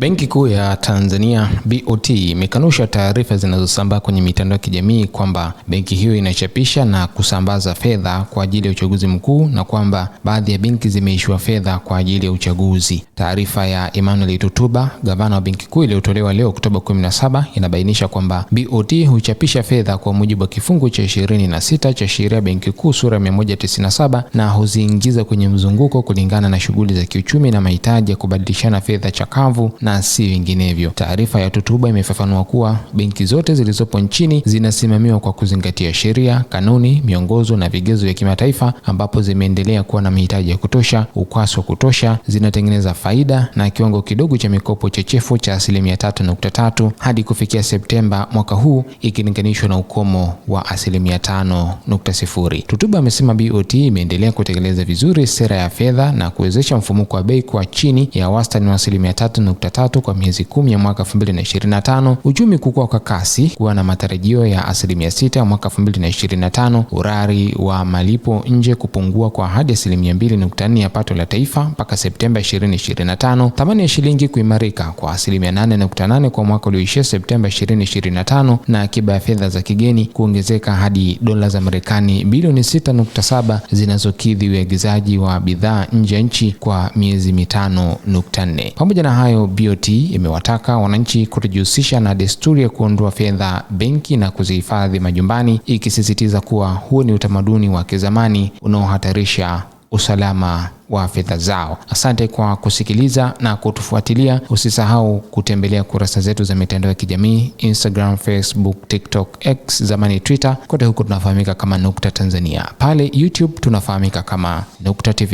Benki Kuu ya Tanzania BOT imekanusha taarifa zinazosambaa kwenye mitandao ya kijamii kwamba benki hiyo inachapisha na kusambaza fedha kwa ajili ya uchaguzi mkuu na kwamba baadhi ya benki zimeishiwa fedha kwa ajili ya uchaguzi. Taarifa ya Emmanuel Tutuba, gavana wa Benki Kuu, iliyotolewa leo Oktoba 17 inabainisha kwamba BOT huchapisha fedha kwa mujibu wa kifungu cha 26 cha sheria ya Benki Kuu sura ya 197 na huziingiza kwenye mzunguko kulingana na shughuli za kiuchumi na mahitaji ya kubadilishana fedha chakavu na na si vinginevyo. Taarifa ya Tutuba imefafanua kuwa benki zote zilizopo nchini zinasimamiwa kwa kuzingatia sheria, kanuni, miongozo na vigezo vya kimataifa, ambapo zimeendelea kuwa na mahitaji ya kutosha, ukwasi wa kutosha, zinatengeneza faida na kiwango kidogo cha mikopo chechefu cha asilimia 3.3 hadi kufikia Septemba mwaka huu ikilinganishwa na ukomo wa asilimia 5.0. Tutuba amesema BOT imeendelea kutekeleza vizuri sera ya fedha na kuwezesha mfumuko wa bei kwa chini ya wastani wa asilimia 3.3 tatu kwa miezi kumi ya mwaka 2025, uchumi kukua kwa kasi kuwa na matarajio ya asilimia sita mwaka 2025, urari wa malipo nje kupungua kwa hadi asilimia 2.4 ya pato la taifa mpaka Septemba 2025, thamani ya shilingi kuimarika kwa asilimia 8.8 kwa mwaka ulioishia Septemba 2025, na akiba ya fedha za kigeni kuongezeka hadi dola za Marekani bilioni 6.7 zinazokidhi uagizaji wa bidhaa nje ya nchi kwa miezi mitano nukta nne. Pamoja na hayo BOT imewataka wananchi kutojihusisha na desturi ya kuondoa fedha benki na kuzihifadhi majumbani, ikisisitiza kuwa huo ni utamaduni wa kizamani unaohatarisha usalama wa fedha zao. Asante kwa kusikiliza na kutufuatilia. Usisahau kutembelea kurasa zetu za mitandao ya kijamii Instagram, Facebook, TikTok, X zamani Twitter. Kote huko tunafahamika kama Nukta Tanzania. Pale YouTube tunafahamika kama Nukta TV.